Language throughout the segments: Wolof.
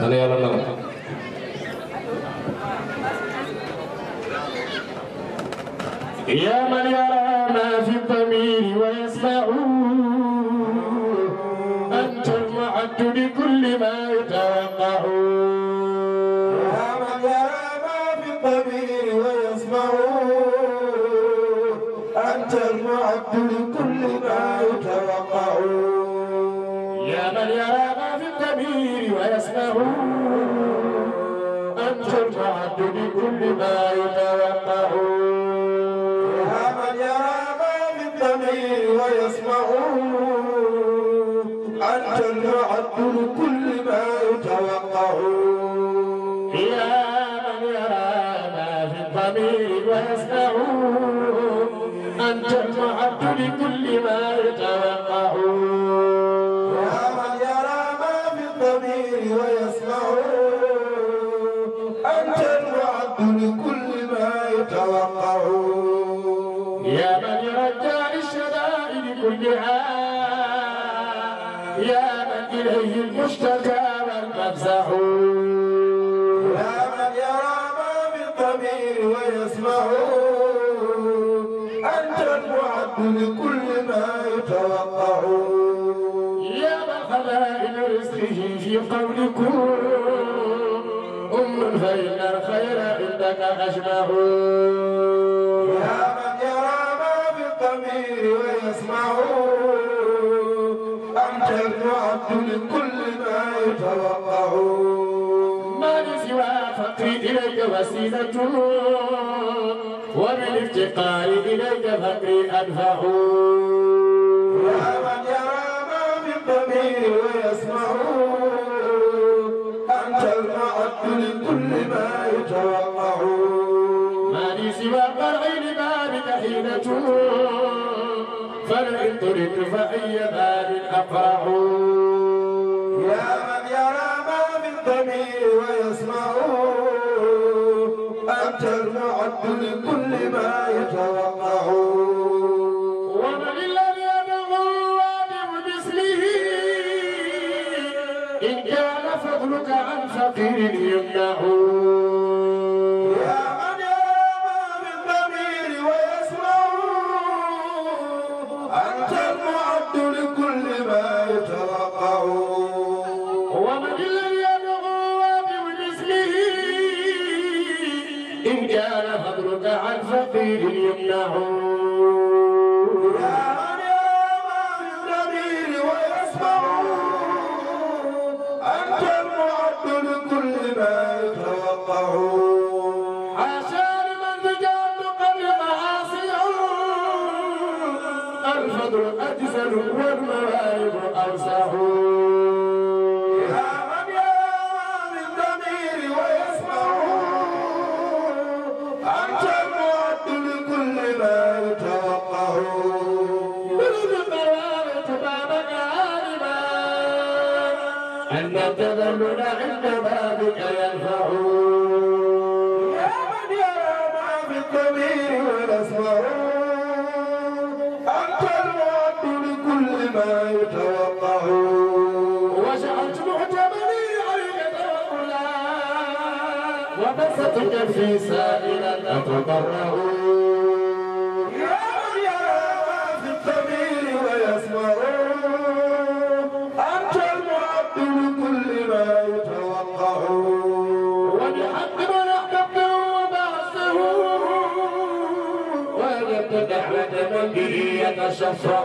na la yàlla nangu يا من يرى ما في الضمير ويسمعه أنت المعد لكل ما يدعى Amen. صادقون أم فإن الخير عندك أشبه يا من يرى ما في الضمير ويسمع أنت المعد لكل ما يتوقع ما سوى فقر إليك وسيلة وبالافتقار إليك فقري أنفع يا من يرى ما في الضمير ويسمع لي سوى القرع لبابك حين تموت فلئن طرد فأي باب أقرع يا من يرى ما بالضمير ويسمع أنت المعد لكل ما يتوقع ومن الذي يدعو وادم باسمه إن كان فضلك عن فقير يمنعه ستكفي سائلا أتضرع يا من يرى في الضمير ويسمع أنت المعبد كل ما يتوقع وبحق من أحببته وبعثه ولم تدع من به يتشفع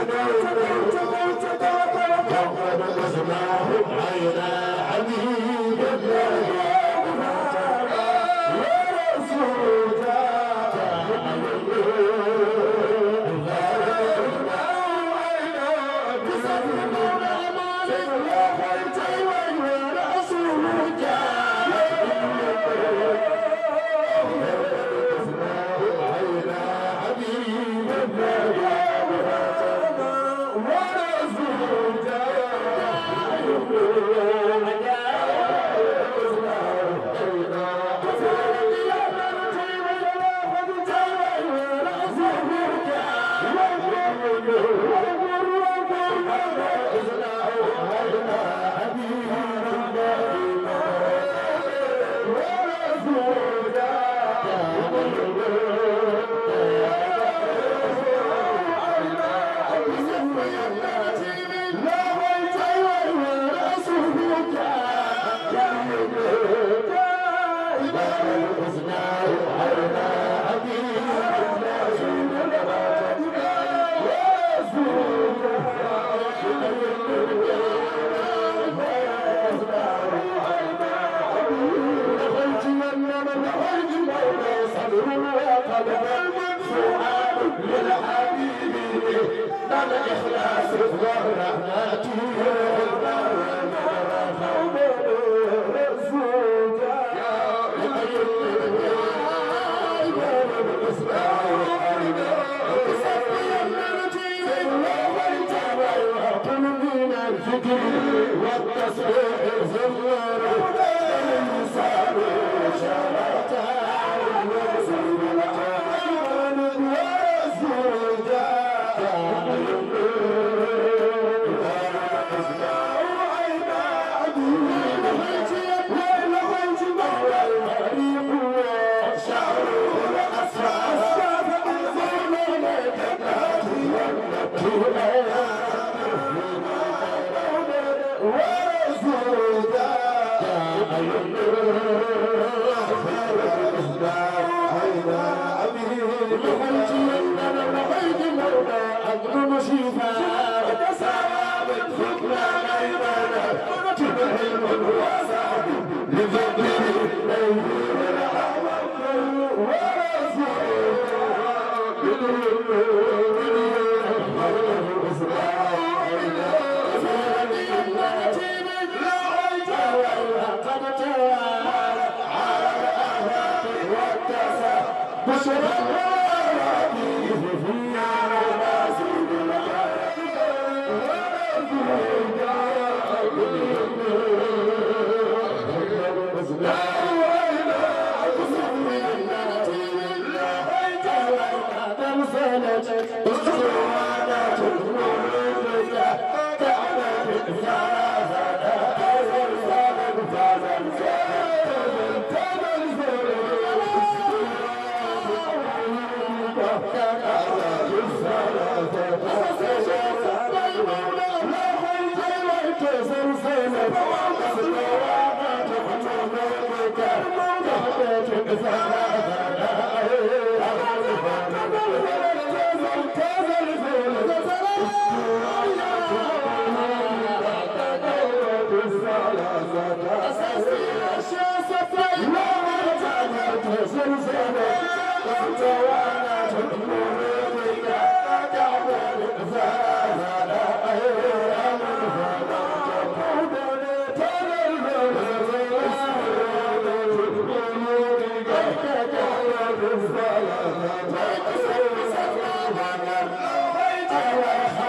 Thank you. Thank you.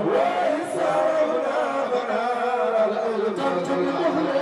ويسرنا بنار الألباب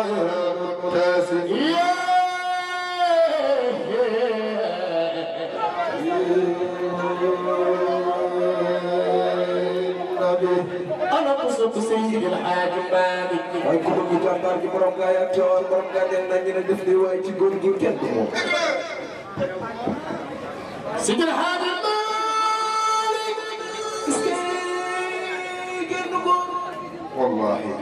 waaye ku bëgg jàmbaar gi borom ngaa yàgg ca war borom ngaa dem nañ ñu ne def di waaye ci góor gi kenn du moom. Sidil Hadji Malick. est-ce que génn góor. wallaahi.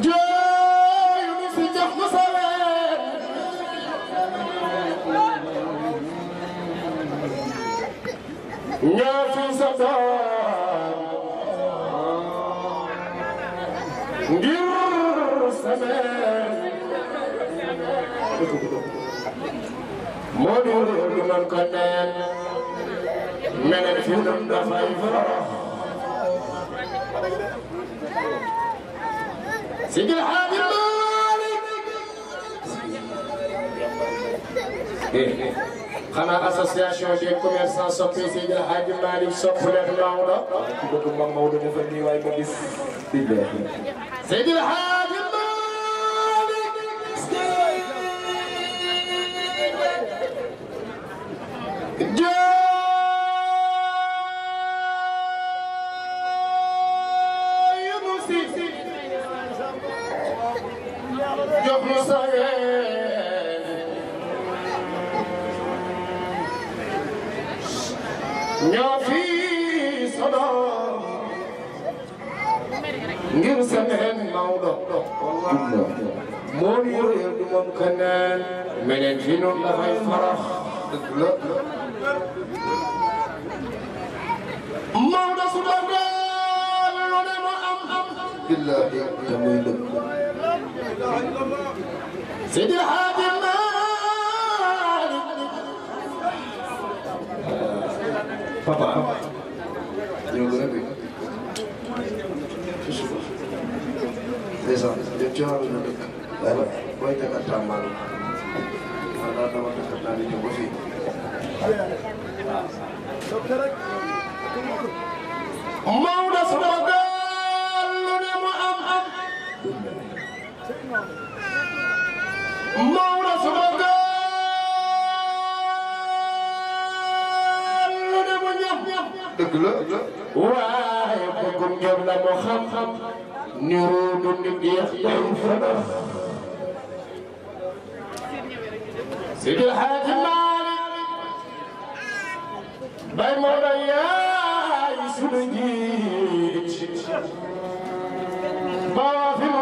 jooyu si jox mu sawee ñoo fi sa doom ngir samee moo di man ko neen meneen fi dum dafay سيدي الحاج مالك xanaa association des commerçants soppi Seydi El Hadji Malick soppi leen Maodo. bëgg ma Maodo dafa nii waaye ko gis. Seydi El Hadji Malick. te muy lëb Seydi Haaji Maalik papa ñoo gën a bëgg ndeysaan ñun coono na dëkk waaye booy takk ak tàmbaal man daal dama takk ak naa di ñëw ba fii Maodo Maodo la a waaye bëggum ñor la moo xam-xam. niroo du nit yeex day fanaan. Sidil Hadji Malick. bay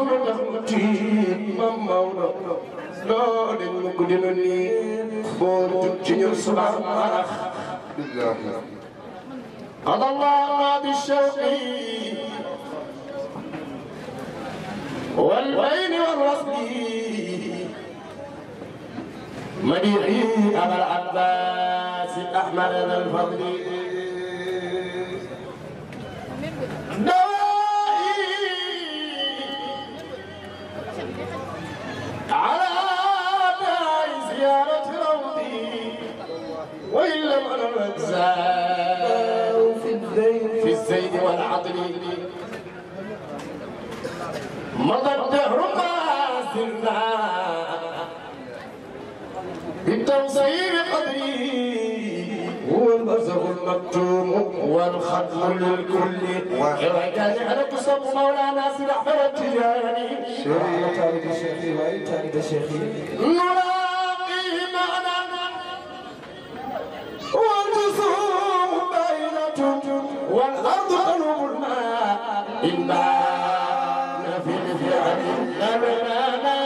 Maodo tax ma tiit ma Maodo loo leen ma guddi na nii boo jub ci ñun subaar marax على الله بالشوقي والبين والرصد مديحي أبا العباس أحمد ذا الفضل على داعي زيارة روضي وإن لم أنا الأجزاء في الزيد والعطل مضى الدهر ما زلنا بالتوصيل قدري البزغ المكتوم والختم للكل وكان على قصب مولانا سيد احمد التجاني شيخي تاريخ شيخي وين تاريخ شيخي نلاقي معنا والجسوم بينة والارض قلوب الماء إنا في الفعل لنا لا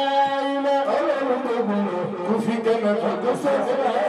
اله الا الله كفك من قصصنا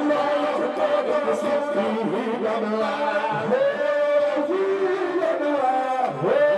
Hey!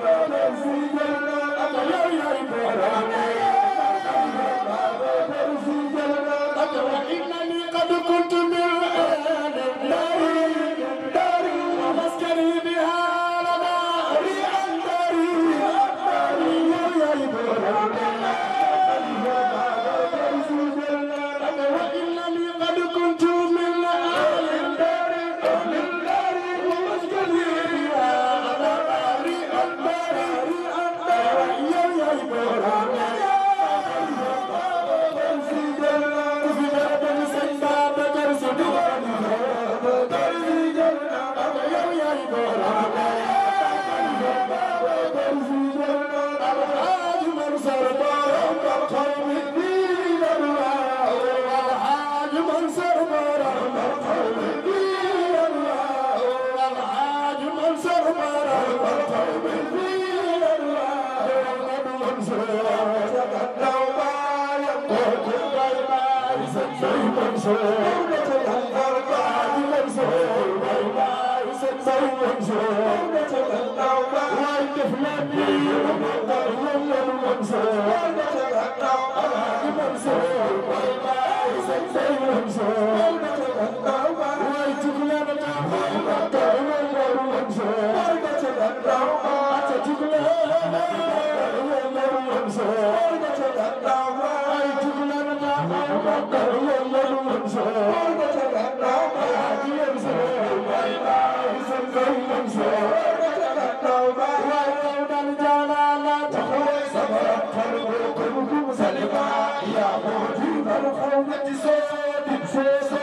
Joseph.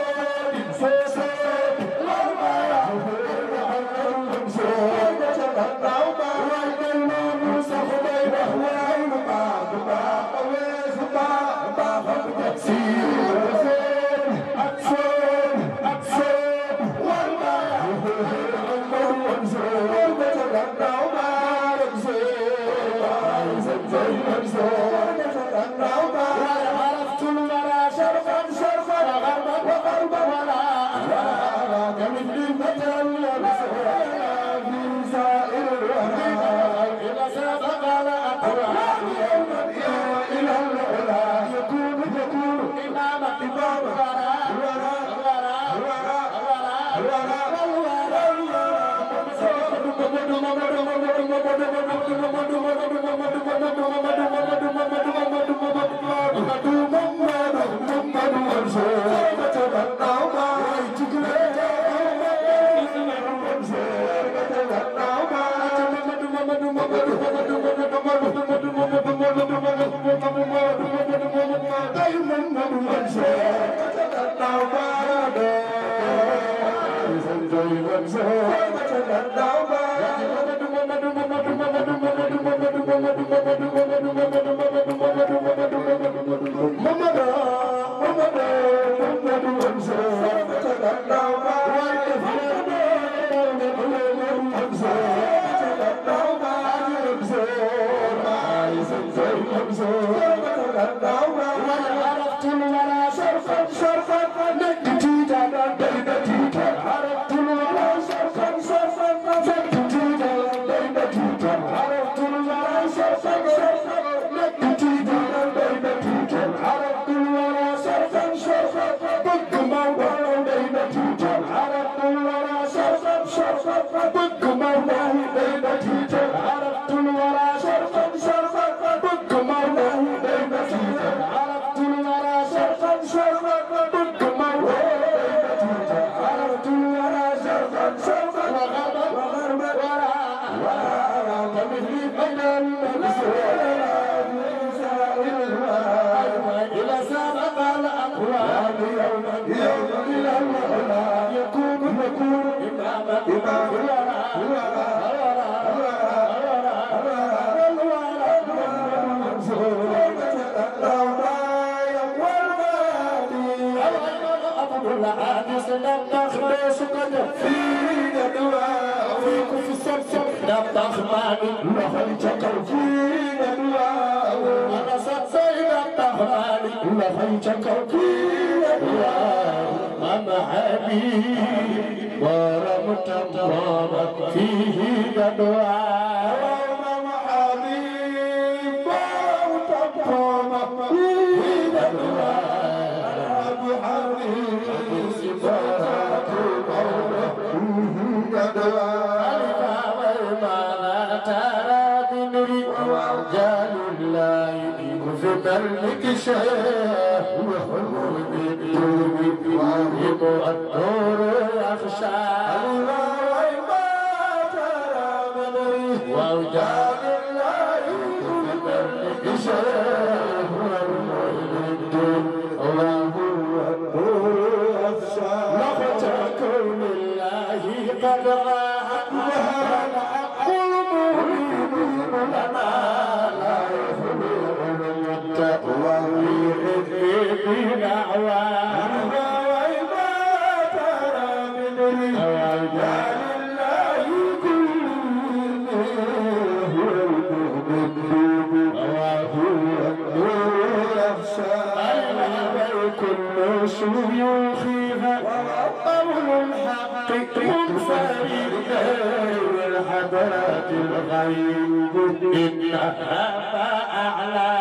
bëgg لفيتك كل مذهبي ورمت مرارا فيه ندوى كل شيوخها قول الحق منفردا والحضرات الغيب إنها فأعلى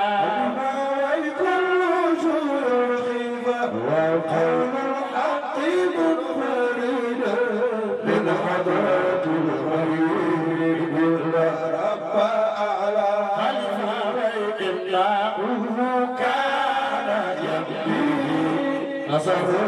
وكل شيوخها وقول Masal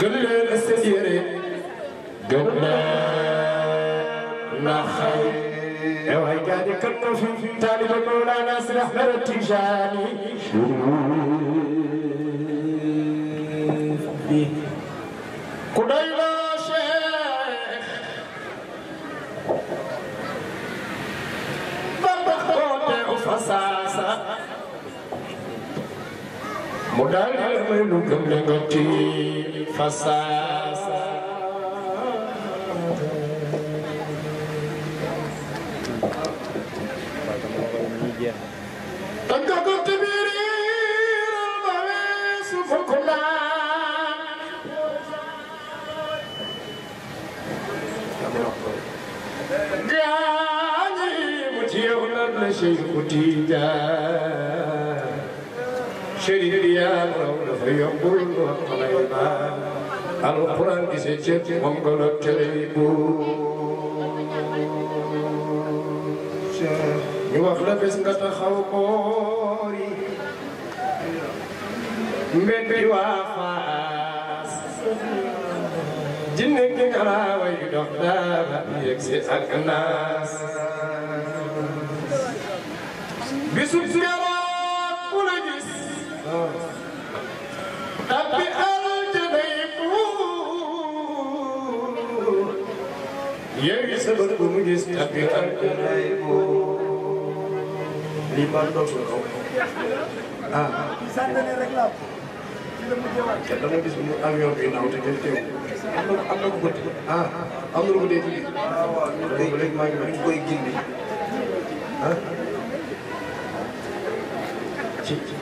diine leen a séddale gën leen a xay waaye gaa di kan na fi taalibe Mawlana Si Ahmad Tijaani amanu gëm na nga tiim fasaas tagga ko tibiriir ma weesu fukkunaan gaañi mu tiyewu nar na Cheikh Tidiane yombul wax xalay baa alxuraan gi sa cër moom nga la tëlay buur ñu wax la bés nga taxaw koori mbet bi waa faas jinne ki ngalaawa yu dox daaba yegg si ak naas bisu ah. te dama gis mu avion bi naaw te kenn teewul. am na am na ko ah am na ko dee ci biir. léegi léegi maa ngi ñu koy gindi. ah. ci ci.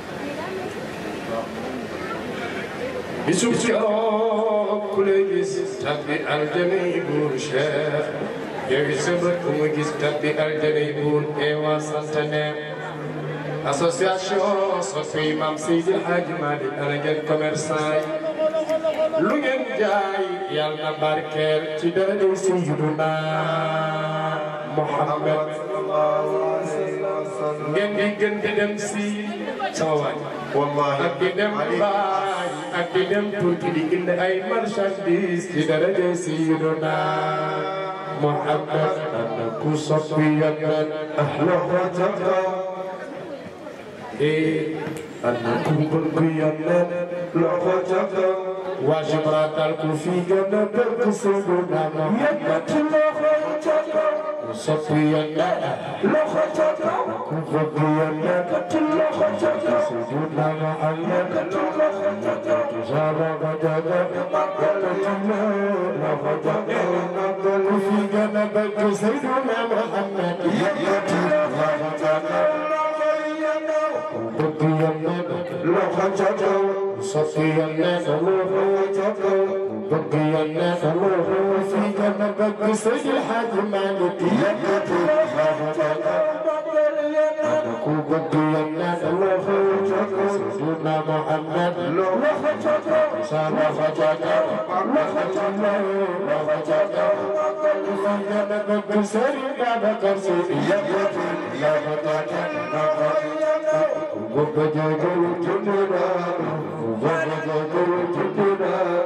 bisub ci bopp léegi si tàbbi aljani buur Cheikh yow it sëb ku mu gis tabbi aljana yi buun eewaa santaneem association soppi maam Seydi El Hadji Malick ana lu ngeen jaay yàlla na barkeel ci daraja Seydina Muhammad ngeen di gën di dem si sama waay wallahi ak di baay ak di dem Turki di indi ay marchandises ci daraja محمد أنك صفيا من أهل وتقى إيه أنك بقيا من لغتك وجمرة الكوفي جنة الكسود يدت لخيتك وصفي لخيتك وفضي يدت لخيتك سجود لما أيدت لخيتك جاب غدك يدت لخيتك الكوفي جنة الكسود محمد يدت لخيتك وفضي يدت لخيتك soppi yàlla na بقينا فروح وسيدنا بقي سيد الحاج مالك يكتب بقينا فروح سيدنا محمد سيدنا بقي سيد بابا سيد يكتب وبدا جل جلنا وبدا جل جلنا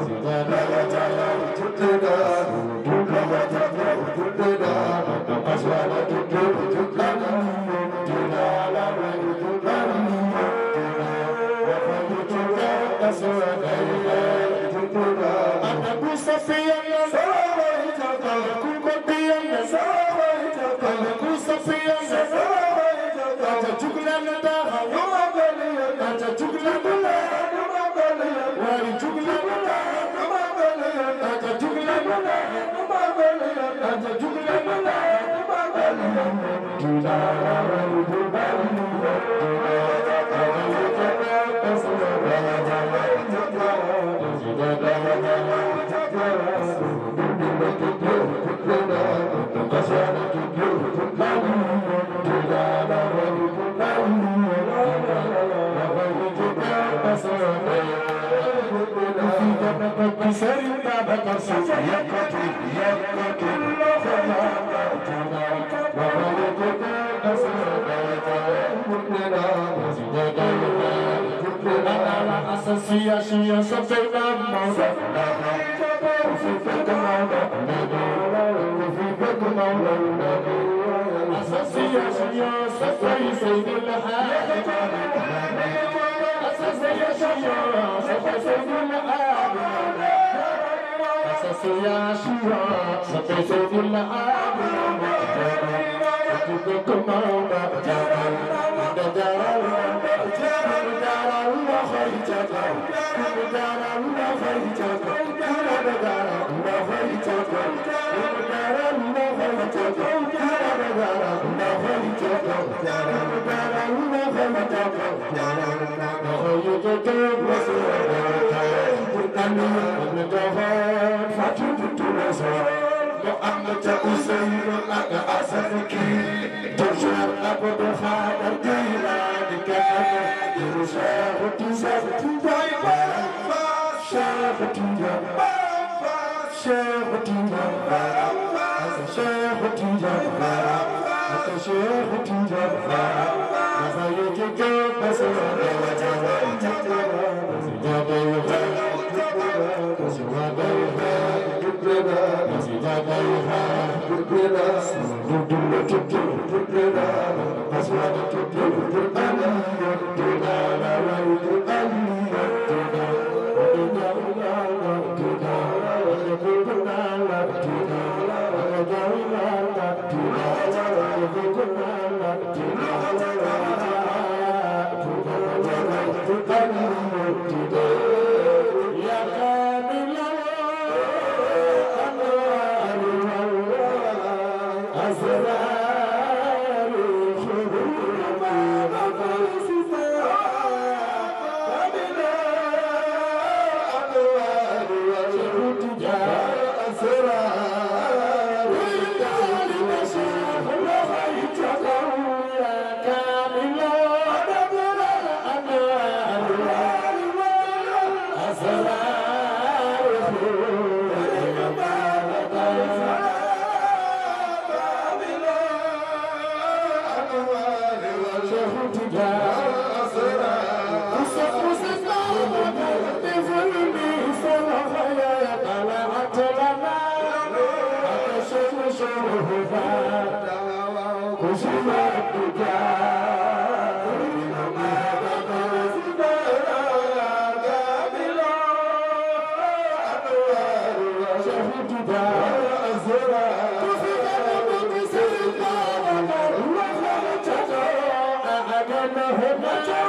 Sëriñ Babacar Sy يا شيرا سقيت كل عام I'm Thank you. Adam Muhammad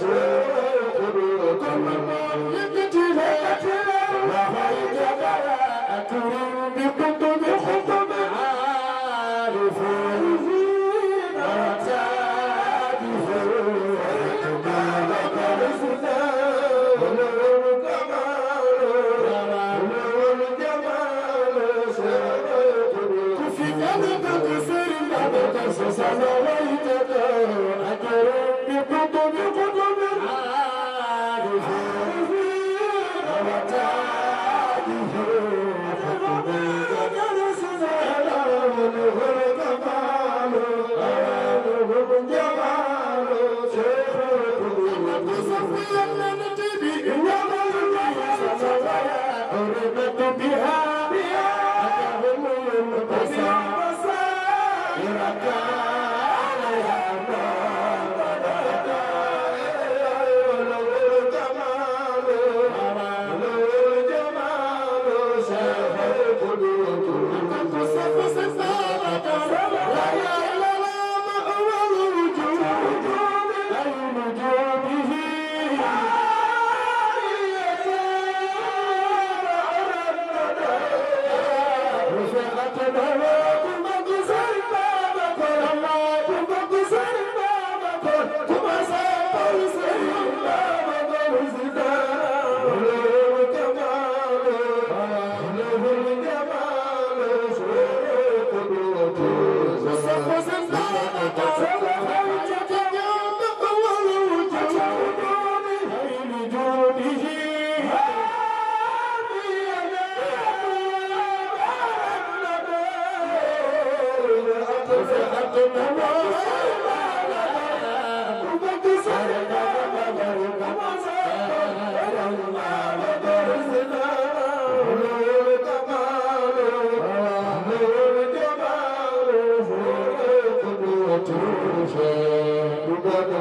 Sure.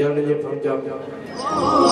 yàlla na ñëpp am jàmm